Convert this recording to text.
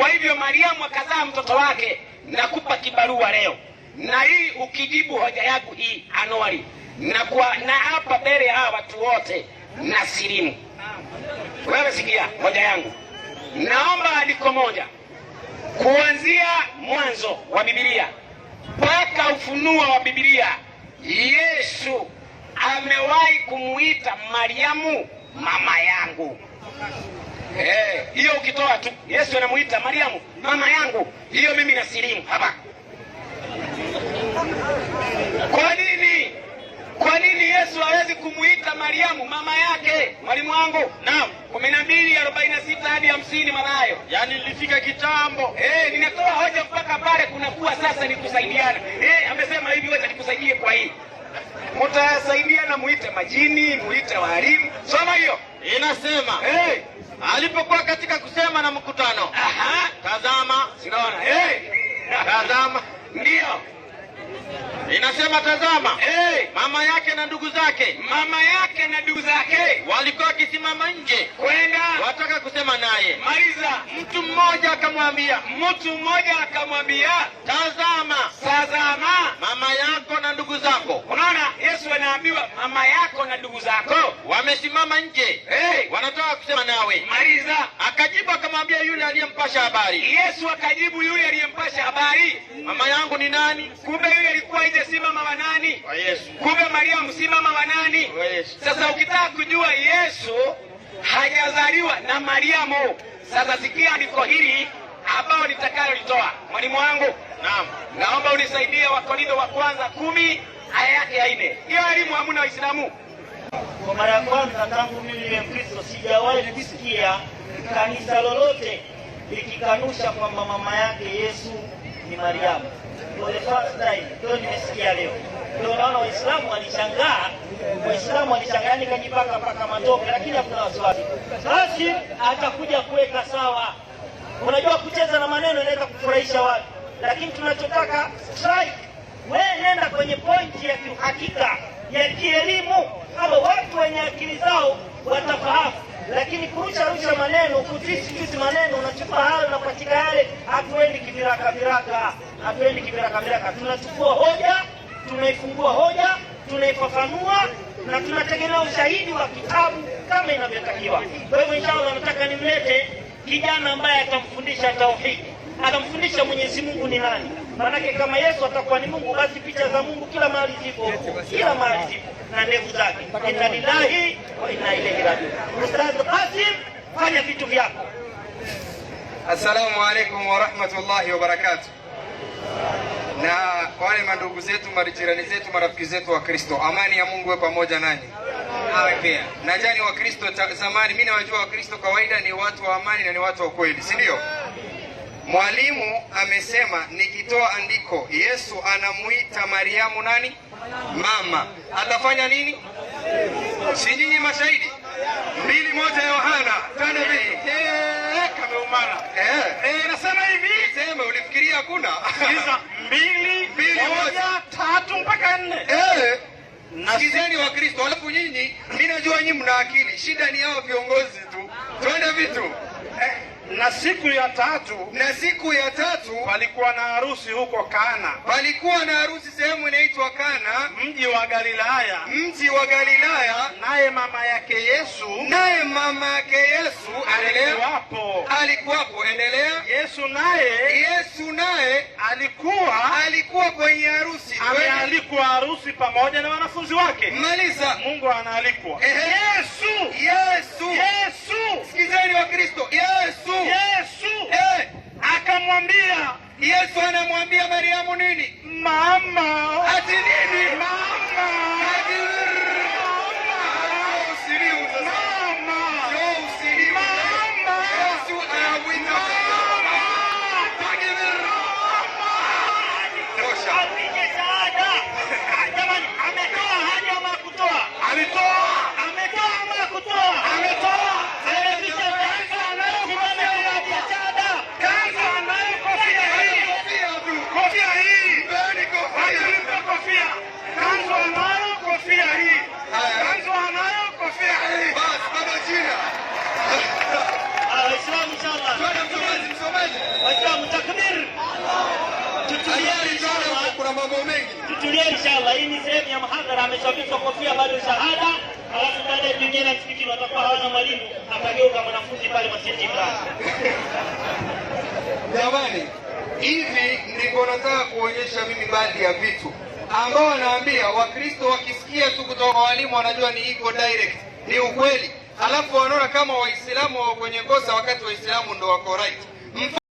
Kwa hivyo Mariamu akazaa mtoto wake, nakupa kibarua leo, na hii ukijibu hoja yangu hii anuari na kwa na hapa mbele ya hawa watu wote na silimu wewe, sikia hoja yangu, naomba andiko moja kuanzia mwanzo wa Biblia mpaka ufunuo wa Biblia. Yesu amewahi kumuita Mariamu mama yangu. Eh, hiyo ukitoa tu Yesu anamuita Mariamu, mama yangu, hiyo mimi nasilimu hapa. Kwa nini? Kwa nini Yesu hawezi kumuita Mariamu mama yake? Mwalimu wangu, naam, kumi na mbili arobaini na sita hadi hamsini manayo, yaani nilifika kitambo. Hey, eh, ninatoa hoja mpaka pale kunakuwa sasa ni kusaidiana. Hey, eh, amesema hivi, wewe nikusaidie kwa hii mutasaidiana, muite majini, muite walimu. Soma hiyo inasema hey alipokuwa katika kusema na mkutano. Aha, tazama, sinaona hey. Tazama, ndio inasema tazama, hey. Mama yake na ndugu zake, mama yake na ndugu zake walikuwa wakisimama nje kwenda wataka kusema naye Aidha, mtu mmoja akamwambia mtu mmoja akamwambia, tazama, tazama mama yako na ndugu zako. Unaona, Yesu anaambiwa mama yako na ndugu zako oh, wamesimama nje, hey, wanataka kusema nawe. Maliza. Akajibu akamwambia yule aliyempasha habari. Yesu akajibu yule aliyempasha habari, mama yangu ni nani? Kumbe yule alikuwa ije si mama wa nani? Wa Yesu. Kumbe Mariamu si mama wa nani? Wa Yesu. Sasa ukitaka kujua Yesu hajazaliwa na Mariamu. Sasa sikia andiko hili ambao nitakayolitoa mwalimu wangu. Naam, naomba unisaidie Wakorintho wa kwanza kumi aya yake ya nne. Hiyo elimu hamuna Waislamu. Kwa mara ya kwanza tangu mimi niwe Mkristo sijawahi kusikia kanisa lolote likikanusha kwamba mama yake Yesu ni Mariamu. For the first time, ndio nimesikia leo. Ndio naona Waislamu walishangaa Waislamu alichanganyika kajipaka paka matope, lakini hakuna wasiwasi. Basi atakuja kuweka sawa. Unajua, kucheza na maneno inaweza kufurahisha watu, lakini tunachotaka strike. Wewe nenda kwenye pointi ya kiuhakika ya kielimu, kama watu wenye akili zao watafahamu lakini kurusha rusha maneno kutisitusi maneno, unachukua hayo unapatika yale. Hatuendi kiviraka viraka, hatuendi kiviraka viraka. Tunachukua hoja, tunaifungua hoja, tunaifafanua na tunategemea ushahidi wa kitabu kama inavyotakiwa. Kwa hivyo, inshallah, nataka nimlete kijana ambaye atamfundisha tauhidi, atamfundisha Mwenyezi Mungu ni nani. Maanake kama Yesu atakuwa ni Mungu, basi picha za Mungu kila mahali zipo, kila mahali zipo na ndevu zake. Inna lillahi wa inna ilaihi rajiun. Ustaz Qasim, fanya vitu vyako. Assalamu alaykum wa rahmatullahi wa barakatuh na wale mandugu zetu, majirani zetu, marafiki zetu wa Kristo. Amani ya Mungu pamoja nani Awe pia. Najani wa Kristo zamani, mimi nawajua wa Kristo kawaida ni watu wa amani na ni watu wa kweli, sindio Mwalimu amesema nikitoa andiko Yesu anamuita Mariamu nani? Mama. Atafanya nini? Si nyinyi mashahidi? Mbili moja Yohana. Tana mbili. Eh, kameumana. Eh. Eh, nasema hivi. Sema ulifikiria hakuna? Sikizeni wa Kristo, alafu nyinyi, mimi najua nyinyi mna akili, shida ni hao viongozi tu. Twende vitu eh, Na siku ya tatu, na siku ya tatu palikuwa na harusi huko Kana, palikuwa na harusi sehemu inaitwa Kana, mji wa Galilaya, mji wa Galilaya. Naye mama yake Yesu, naye mama yake Yesu alikuwapo, endelea. Yesu naye Yesu naye alikuwa alikuwa kwenye harusi, amealikwa harusi pamoja na wanafunzi wake. Maliza, Mungu anaalikwa. Yesu Yesu Yesu, sikizeni wa Kristo, Yesu Yesu eh, akamwambia Yesu anamwambia Mariamu nini? Mama, ati na mambo mengi. Tutulie inshallah. Hii ni sehemu ya mhadhara, ameshabishwa kofia bado shahada, alafu baadaye vingine msikitini watakuwa hawana mwalimu, atageuka mwanafunzi pale msikitini. Jamani, hivi nilikuwa nataka kuonyesha mimi baadhi ya vitu ambao wanaambia Wakristo wakisikia tu kutoka kwa walimu wanajua ni iko direct, ni ukweli, alafu wanaona kama Waislamu wa kwenye kosa wakati Waislamu ndo wako right.